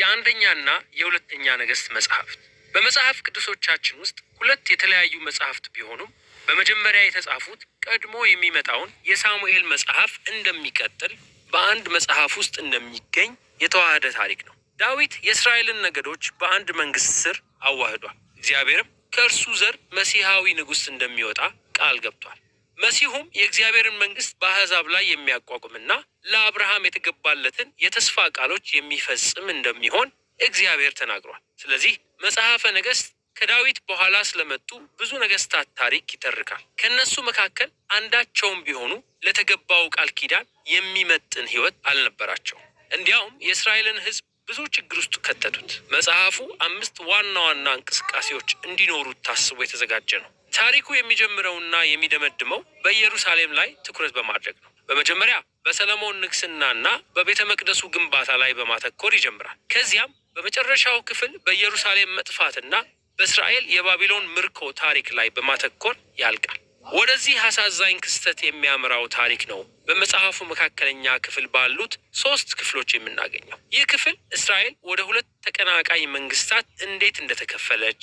የአንደኛና የሁለተኛ ነገሥት መጽሐፍት በመጽሐፍ ቅዱሶቻችን ውስጥ ሁለት የተለያዩ መጽሐፍት ቢሆኑም በመጀመሪያ የተጻፉት ቀድሞ የሚመጣውን የሳሙኤል መጽሐፍ እንደሚቀጥል በአንድ መጽሐፍ ውስጥ እንደሚገኝ የተዋህደ ታሪክ ነው። ዳዊት የእስራኤልን ነገዶች በአንድ መንግሥት ስር አዋህዷል። እግዚአብሔርም ከእርሱ ዘር መሲሐዊ ንጉሥ እንደሚወጣ ቃል ገብቷል። መሲሁም የእግዚአብሔርን መንግስት በአሕዛብ ላይ የሚያቋቁምና ለአብርሃም የተገባለትን የተስፋ ቃሎች የሚፈጽም እንደሚሆን እግዚአብሔር ተናግሯል። ስለዚህ መጽሐፈ ነገሥት ከዳዊት በኋላ ስለመጡ ብዙ ነገስታት ታሪክ ይተርካል። ከእነሱ መካከል አንዳቸውም ቢሆኑ ለተገባው ቃል ኪዳን የሚመጥን ህይወት አልነበራቸው። እንዲያውም የእስራኤልን ህዝብ ብዙ ችግር ውስጥ ከተቱት። መጽሐፉ አምስት ዋና ዋና እንቅስቃሴዎች እንዲኖሩት ታስቦ የተዘጋጀ ነው። ታሪኩ የሚጀምረውና የሚደመድመው በኢየሩሳሌም ላይ ትኩረት በማድረግ ነው። በመጀመሪያ በሰለሞን ንግስናና በቤተ መቅደሱ ግንባታ ላይ በማተኮር ይጀምራል። ከዚያም በመጨረሻው ክፍል በኢየሩሳሌም መጥፋትና በእስራኤል የባቢሎን ምርኮ ታሪክ ላይ በማተኮር ያልቃል። ወደዚህ አሳዛኝ ክስተት የሚያምራው ታሪክ ነው በመጽሐፉ መካከለኛ ክፍል ባሉት ሶስት ክፍሎች የምናገኘው። ይህ ክፍል እስራኤል ወደ ሁለት ተቀናቃኝ መንግስታት እንዴት እንደተከፈለች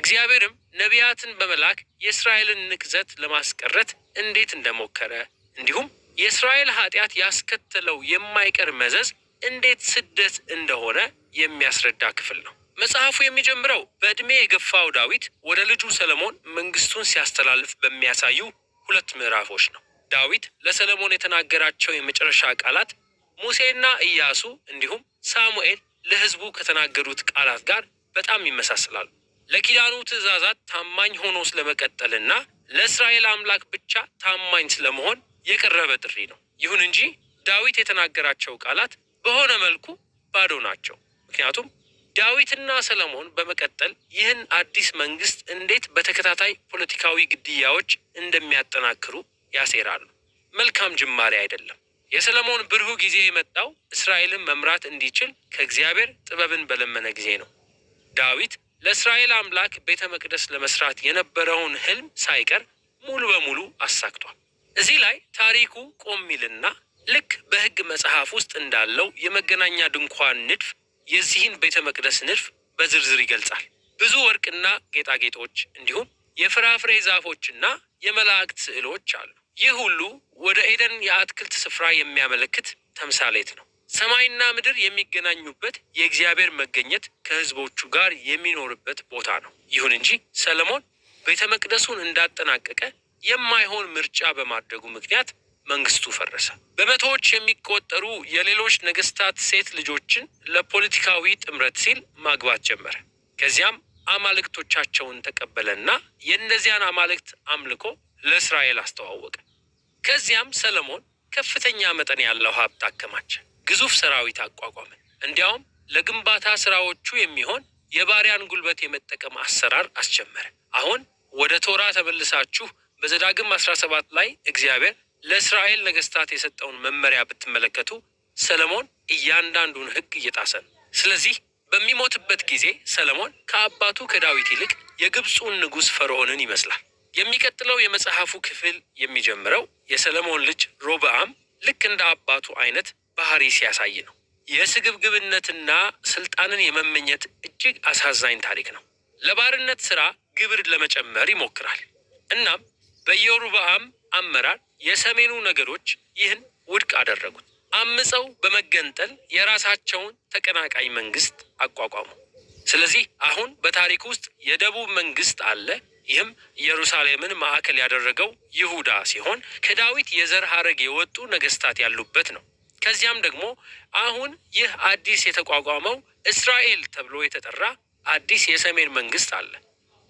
እግዚአብሔርም ነቢያትን በመላክ የእስራኤልን ንቅዘት ለማስቀረት እንዴት እንደሞከረ እንዲሁም የእስራኤል ኃጢአት ያስከተለው የማይቀር መዘዝ እንዴት ስደት እንደሆነ የሚያስረዳ ክፍል ነው። መጽሐፉ የሚጀምረው በዕድሜ የገፋው ዳዊት ወደ ልጁ ሰለሞን መንግስቱን ሲያስተላልፍ በሚያሳዩ ሁለት ምዕራፎች ነው። ዳዊት ለሰለሞን የተናገራቸው የመጨረሻ ቃላት ሙሴና ኢያሱ እንዲሁም ሳሙኤል ለሕዝቡ ከተናገሩት ቃላት ጋር በጣም ይመሳሰላሉ። ለኪዳኑ ትእዛዛት ታማኝ ሆኖ ስለመቀጠልና ለእስራኤል አምላክ ብቻ ታማኝ ስለመሆን የቀረበ ጥሪ ነው። ይሁን እንጂ ዳዊት የተናገራቸው ቃላት በሆነ መልኩ ባዶ ናቸው። ምክንያቱም ዳዊትና ሰለሞን በመቀጠል ይህን አዲስ መንግስት እንዴት በተከታታይ ፖለቲካዊ ግድያዎች እንደሚያጠናክሩ ያሴራሉ። መልካም ጅማሬ አይደለም። የሰለሞን ብርሁ ጊዜ የመጣው እስራኤልን መምራት እንዲችል ከእግዚአብሔር ጥበብን በለመነ ጊዜ ነው። ዳዊት ለእስራኤል አምላክ ቤተ መቅደስ ለመስራት የነበረውን ህልም ሳይቀር ሙሉ በሙሉ አሳክቷል። እዚህ ላይ ታሪኩ ቆም ይልና ልክ በሕግ መጽሐፍ ውስጥ እንዳለው የመገናኛ ድንኳን ንድፍ የዚህን ቤተ መቅደስ ንድፍ በዝርዝር ይገልጻል። ብዙ ወርቅና ጌጣጌጦች እንዲሁም የፍራፍሬ ዛፎችና የመላእክት ስዕሎች አሉ። ይህ ሁሉ ወደ ኤደን የአትክልት ስፍራ የሚያመለክት ተምሳሌት ነው። ሰማይና ምድር የሚገናኙበት የእግዚአብሔር መገኘት ከህዝቦቹ ጋር የሚኖርበት ቦታ ነው። ይሁን እንጂ ሰለሞን ቤተ መቅደሱን እንዳጠናቀቀ የማይሆን ምርጫ በማድረጉ ምክንያት መንግስቱ ፈረሰ። በመቶዎች የሚቆጠሩ የሌሎች ነገስታት ሴት ልጆችን ለፖለቲካዊ ጥምረት ሲል ማግባት ጀመረ። ከዚያም አማልክቶቻቸውን ተቀበለና የእነዚያን አማልክት አምልኮ ለእስራኤል አስተዋወቀ። ከዚያም ሰለሞን ከፍተኛ መጠን ያለው ሀብት አከማቸ። ግዙፍ ሰራዊት አቋቋመ። እንዲያውም ለግንባታ ስራዎቹ የሚሆን የባሪያን ጉልበት የመጠቀም አሰራር አስጀመረ። አሁን ወደ ቶራ ተመልሳችሁ በዘዳግም 17 ላይ እግዚአብሔር ለእስራኤል ነገስታት የሰጠውን መመሪያ ብትመለከቱ ሰለሞን እያንዳንዱን ህግ እየጣሰ ነው። ስለዚህ በሚሞትበት ጊዜ ሰለሞን ከአባቱ ከዳዊት ይልቅ የግብፁን ንጉሥ ፈርዖንን ይመስላል። የሚቀጥለው የመጽሐፉ ክፍል የሚጀምረው የሰለሞን ልጅ ሮብዓም ልክ እንደ አባቱ አይነት ባህሪ ሲያሳይ ነው። የስግብግብነትና ስልጣንን የመመኘት እጅግ አሳዛኝ ታሪክ ነው። ለባርነት ስራ ግብር ለመጨመር ይሞክራል። እናም በኢዮርብዓም አመራር የሰሜኑ ነገዶች ይህን ውድቅ አደረጉት። አምፀው በመገንጠል የራሳቸውን ተቀናቃይ መንግስት አቋቋሙ። ስለዚህ አሁን በታሪክ ውስጥ የደቡብ መንግስት አለ። ይህም ኢየሩሳሌምን ማዕከል ያደረገው ይሁዳ ሲሆን ከዳዊት የዘር ሐረግ የወጡ ነገስታት ያሉበት ነው። ከዚያም ደግሞ አሁን ይህ አዲስ የተቋቋመው እስራኤል ተብሎ የተጠራ አዲስ የሰሜን መንግስት አለ።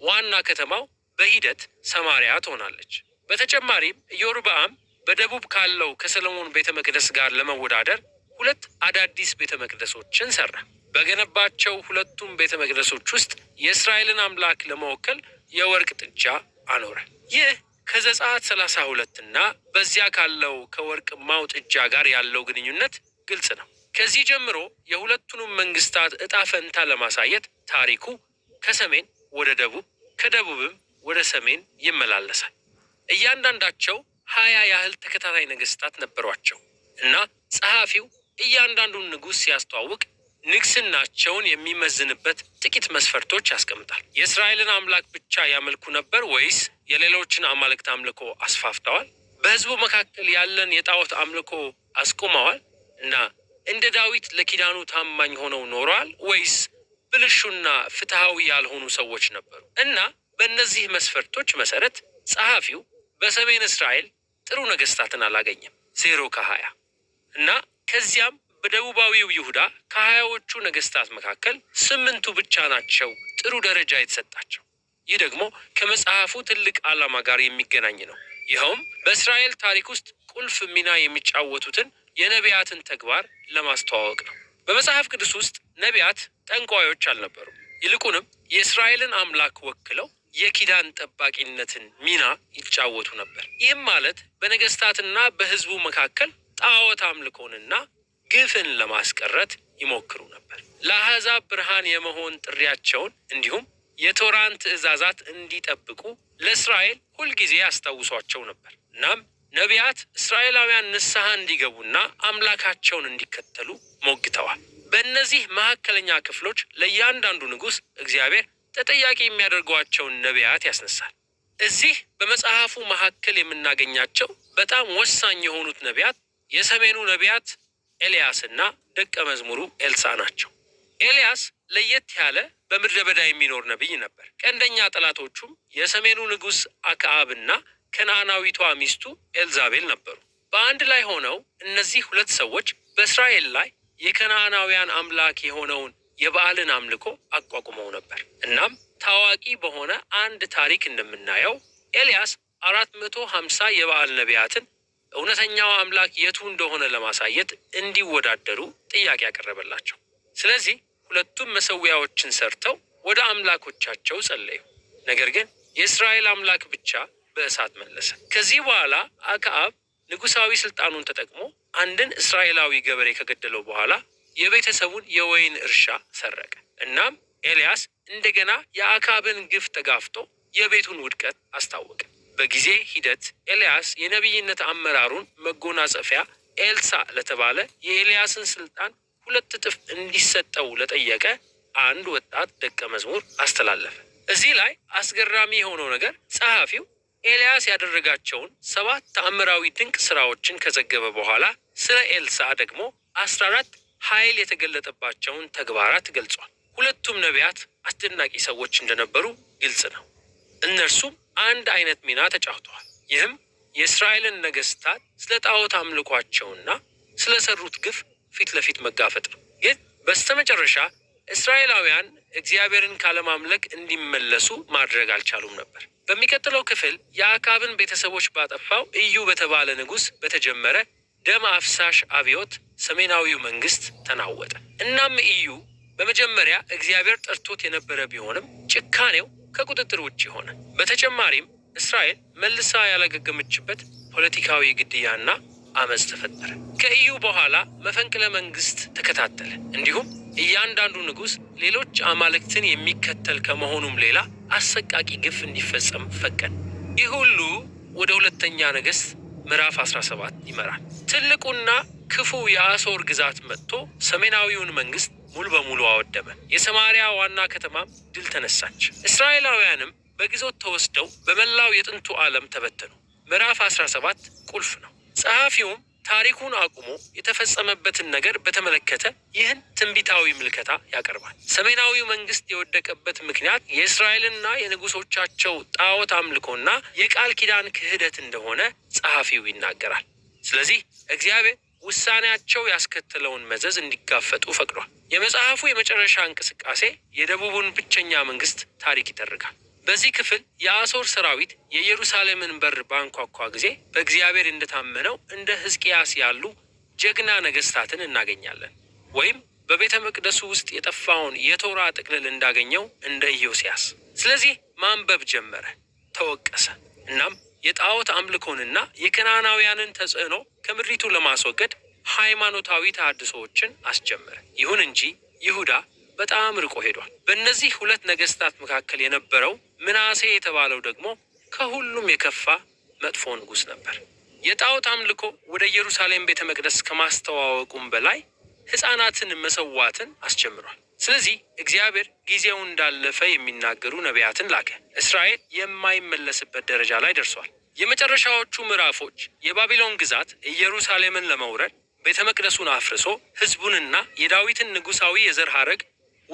ዋና ከተማው በሂደት ሰማሪያ ትሆናለች። በተጨማሪም ኢዮርብዓም በደቡብ ካለው ከሰለሞን ቤተ መቅደስ ጋር ለመወዳደር ሁለት አዳዲስ ቤተ መቅደሶችን ሰራ። በገነባቸው ሁለቱም ቤተ መቅደሶች ውስጥ የእስራኤልን አምላክ ለመወከል የወርቅ ጥጃ አኖረ። ይህ ከዘጸአት 32 እና በዚያ ካለው ከወርቅማው ጥጃ ጋር ያለው ግንኙነት ግልጽ ነው። ከዚህ ጀምሮ የሁለቱንም መንግስታት እጣ ፈንታ ለማሳየት ታሪኩ ከሰሜን ወደ ደቡብ ከደቡብም ወደ ሰሜን ይመላለሳል። እያንዳንዳቸው ሀያ ያህል ተከታታይ ነገስታት ነበሯቸው እና ጸሐፊው እያንዳንዱን ንጉሥ ሲያስተዋውቅ ንግስናቸውን የሚመዝንበት ጥቂት መስፈርቶች ያስቀምጣል። የእስራኤልን አምላክ ብቻ ያመልኩ ነበር ወይስ የሌሎችን አማልክት አምልኮ አስፋፍተዋል? በህዝቡ መካከል ያለን የጣዖት አምልኮ አስቁመዋል እና እንደ ዳዊት ለኪዳኑ ታማኝ ሆነው ኖረዋል ወይስ ብልሹና ፍትሐዊ ያልሆኑ ሰዎች ነበሩ? እና በእነዚህ መስፈርቶች መሰረት ጸሐፊው በሰሜን እስራኤል ጥሩ ነገስታትን አላገኘም፣ ዜሮ ከሀያ እና ከዚያም በደቡባዊው ይሁዳ ከሀያዎቹ ነገስታት መካከል ስምንቱ ብቻ ናቸው ጥሩ ደረጃ የተሰጣቸው። ይህ ደግሞ ከመጽሐፉ ትልቅ ዓላማ ጋር የሚገናኝ ነው። ይኸውም በእስራኤል ታሪክ ውስጥ ቁልፍ ሚና የሚጫወቱትን የነቢያትን ተግባር ለማስተዋወቅ ነው። በመጽሐፍ ቅዱስ ውስጥ ነቢያት ጠንቋዮች አልነበሩም። ይልቁንም የእስራኤልን አምላክ ወክለው የኪዳን ጠባቂነትን ሚና ይጫወቱ ነበር። ይህም ማለት በነገስታትና በሕዝቡ መካከል ጣዖት አምልኮንና ግፍን ለማስቀረት ይሞክሩ ነበር። ለአሕዛብ ብርሃን የመሆን ጥሪያቸውን እንዲሁም የቶራን ትእዛዛት እንዲጠብቁ ለእስራኤል ሁልጊዜ ያስታውሷቸው ነበር። እናም ነቢያት እስራኤላውያን ንስሐ እንዲገቡና አምላካቸውን እንዲከተሉ ሞግተዋል። በእነዚህ መካከለኛ ክፍሎች ለእያንዳንዱ ንጉሥ እግዚአብሔር ተጠያቂ የሚያደርጓቸውን ነቢያት ያስነሳል። እዚህ በመጽሐፉ መካከል የምናገኛቸው በጣም ወሳኝ የሆኑት ነቢያት የሰሜኑ ነቢያት ኤልያስና ደቀ መዝሙሩ ኤልሳ ናቸው። ኤልያስ ለየት ያለ በምድረ በዳ የሚኖር ነቢይ ነበር። ቀንደኛ ጠላቶቹም የሰሜኑ ንጉሥ አክአብና ከነአናዊቷ ሚስቱ ኤልዛቤል ነበሩ። በአንድ ላይ ሆነው እነዚህ ሁለት ሰዎች በእስራኤል ላይ የከነአናውያን አምላክ የሆነውን የበዓልን አምልኮ አቋቁመው ነበር። እናም ታዋቂ በሆነ አንድ ታሪክ እንደምናየው ኤልያስ አራት መቶ ሀምሳ የበዓል ነቢያትን እውነተኛው አምላክ የቱ እንደሆነ ለማሳየት እንዲወዳደሩ ጥያቄ ያቀረበላቸው። ስለዚህ ሁለቱም መሰዊያዎችን ሰርተው ወደ አምላኮቻቸው ጸለዩ። ነገር ግን የእስራኤል አምላክ ብቻ በእሳት መለሰ። ከዚህ በኋላ አክዓብ ንጉሳዊ ስልጣኑን ተጠቅሞ አንድን እስራኤላዊ ገበሬ ከገደለው በኋላ የቤተሰቡን የወይን እርሻ ሰረቀ። እናም ኤልያስ እንደገና የአክዓብን ግፍ ተጋፍጦ የቤቱን ውድቀት አስታወቀ። በጊዜ ሂደት ኤልያስ የነቢይነት አመራሩን መጎናጸፊያ ኤልሳ ለተባለ የኤልያስን ስልጣን ሁለት እጥፍ እንዲሰጠው ለጠየቀ አንድ ወጣት ደቀ መዝሙር አስተላለፈ። እዚህ ላይ አስገራሚ የሆነው ነገር ጸሐፊው ኤልያስ ያደረጋቸውን ሰባት ተአምራዊ ድንቅ ስራዎችን ከዘገበ በኋላ ስለ ኤልሳ ደግሞ አስራ አራት ኃይል የተገለጠባቸውን ተግባራት ገልጿል። ሁለቱም ነቢያት አስደናቂ ሰዎች እንደነበሩ ግልጽ ነው። እነርሱም አንድ አይነት ሚና ተጫውተዋል። ይህም የእስራኤልን ነገስታት ስለ ጣዖት አምልኳቸውና ስለሰሩት ግፍ ፊት ለፊት መጋፈጥ ነው። ይህ በስተመጨረሻ እስራኤላውያን እግዚአብሔርን ካለማምለክ እንዲመለሱ ማድረግ አልቻሉም ነበር። በሚቀጥለው ክፍል የአካብን ቤተሰቦች ባጠፋው ኢዩ በተባለ ንጉሥ በተጀመረ ደም አፍሳሽ አብዮት ሰሜናዊው መንግስት ተናወጠ። እናም ኢዩ በመጀመሪያ እግዚአብሔር ጠርቶት የነበረ ቢሆንም ጭካኔው ከቁጥጥር ውጭ ሆነ። በተጨማሪም እስራኤል መልሳ ያላገገመችበት ፖለቲካዊ ግድያና አመፅ ተፈጠረ። ከኢዩ በኋላ መፈንቅለ መንግስት ተከታተለ። እንዲሁም እያንዳንዱ ንጉሥ ሌሎች አማልክትን የሚከተል ከመሆኑም ሌላ አሰቃቂ ግፍ እንዲፈጸም ፈቀደ። ይህ ሁሉ ወደ ሁለተኛ ነገሥት ምዕራፍ 17 ይመራል። ትልቁና ክፉ የአሶር ግዛት መጥቶ ሰሜናዊውን መንግስት ሙሉ በሙሉ አወደመ። የሰማሪያ ዋና ከተማም ድል ተነሳች። እስራኤላውያንም በግዞት ተወስደው በመላው የጥንቱ ዓለም ተበተኑ። ምዕራፍ 17 ቁልፍ ነው። ጸሐፊውም ታሪኩን አቁሞ የተፈጸመበትን ነገር በተመለከተ ይህን ትንቢታዊ ምልከታ ያቀርባል። ሰሜናዊው መንግስት የወደቀበት ምክንያት የእስራኤልና የንጉሶቻቸው ጣዖት አምልኮና የቃል ኪዳን ክህደት እንደሆነ ጸሐፊው ይናገራል። ስለዚህ እግዚአብሔር ውሳኔያቸው ያስከተለውን መዘዝ እንዲጋፈጡ ፈቅዷል። የመጽሐፉ የመጨረሻ እንቅስቃሴ የደቡቡን ብቸኛ መንግስት ታሪክ ይተርካል። በዚህ ክፍል የአሶር ሰራዊት የኢየሩሳሌምን በር ባንኳኳ ጊዜ በእግዚአብሔር እንደታመነው እንደ ሕዝቅያስ ያሉ ጀግና ነገስታትን እናገኛለን። ወይም በቤተ መቅደሱ ውስጥ የጠፋውን የቶራ ጥቅልል እንዳገኘው እንደ ኢዮስያስ። ስለዚህ ማንበብ ጀመረ፣ ተወቀሰ እናም የጣዖት አምልኮንና የከናናውያንን ተጽዕኖ ከምድሪቱ ለማስወገድ ሃይማኖታዊ ተሃድሶዎችን አስጀመረ። ይሁን እንጂ ይሁዳ በጣም ርቆ ሄዷል። በእነዚህ ሁለት ነገስታት መካከል የነበረው ምናሴ የተባለው ደግሞ ከሁሉም የከፋ መጥፎ ንጉስ ነበር። የጣዖት አምልኮ ወደ ኢየሩሳሌም ቤተ መቅደስ ከማስተዋወቁም በላይ ሕፃናትን መሰዋትን አስጀምሯል። ስለዚህ እግዚአብሔር ጊዜው እንዳለፈ የሚናገሩ ነቢያትን ላከ። እስራኤል የማይመለስበት ደረጃ ላይ ደርሷል። የመጨረሻዎቹ ምዕራፎች የባቢሎን ግዛት ኢየሩሳሌምን ለመውረድ ቤተ መቅደሱን አፍርሶ ሕዝቡንና የዳዊትን ንጉሳዊ የዘር ሐረግ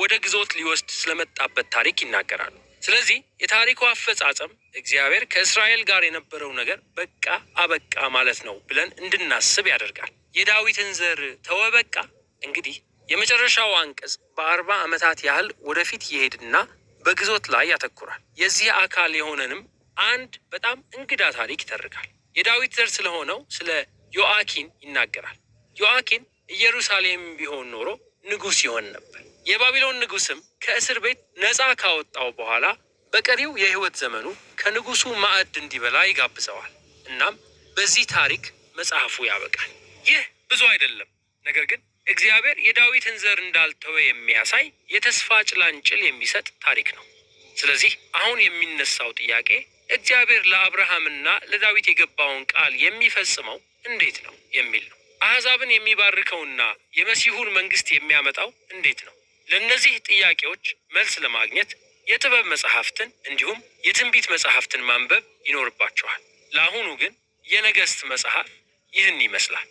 ወደ ግዞት ሊወስድ ስለመጣበት ታሪክ ይናገራሉ። ስለዚህ የታሪኩ አፈጻጸም እግዚአብሔር ከእስራኤል ጋር የነበረው ነገር በቃ አበቃ ማለት ነው ብለን እንድናስብ ያደርጋል። የዳዊትን ዘር ተወ በቃ እንግዲህ የመጨረሻው አንቀጽ በአርባ ዓመታት ያህል ወደፊት ይሄድና በግዞት ላይ ያተኩራል። የዚህ አካል የሆነንም አንድ በጣም እንግዳ ታሪክ ይተርካል። የዳዊት ዘር ስለሆነው ስለ ዮአኪን ይናገራል። ዮአኪን ኢየሩሳሌም ቢሆን ኖሮ ንጉሥ ይሆን ነበር። የባቢሎን ንጉሥም ከእስር ቤት ነፃ ካወጣው በኋላ በቀሪው የሕይወት ዘመኑ ከንጉሱ ማዕድ እንዲበላ ይጋብዘዋል። እናም በዚህ ታሪክ መጽሐፉ ያበቃል። ይህ ብዙ አይደለም፣ ነገር ግን እግዚአብሔር የዳዊትን ዘር እንዳልተወ የሚያሳይ የተስፋ ጭላንጭል የሚሰጥ ታሪክ ነው። ስለዚህ አሁን የሚነሳው ጥያቄ እግዚአብሔር ለአብርሃምና ለዳዊት የገባውን ቃል የሚፈጽመው እንዴት ነው የሚል ነው። አሕዛብን የሚባርከውና የመሲሁን መንግሥት የሚያመጣው እንዴት ነው? ለእነዚህ ጥያቄዎች መልስ ለማግኘት የጥበብ መጽሐፍትን እንዲሁም የትንቢት መጽሐፍትን ማንበብ ይኖርባቸዋል። ለአሁኑ ግን የነገሥት መጽሐፍ ይህን ይመስላል።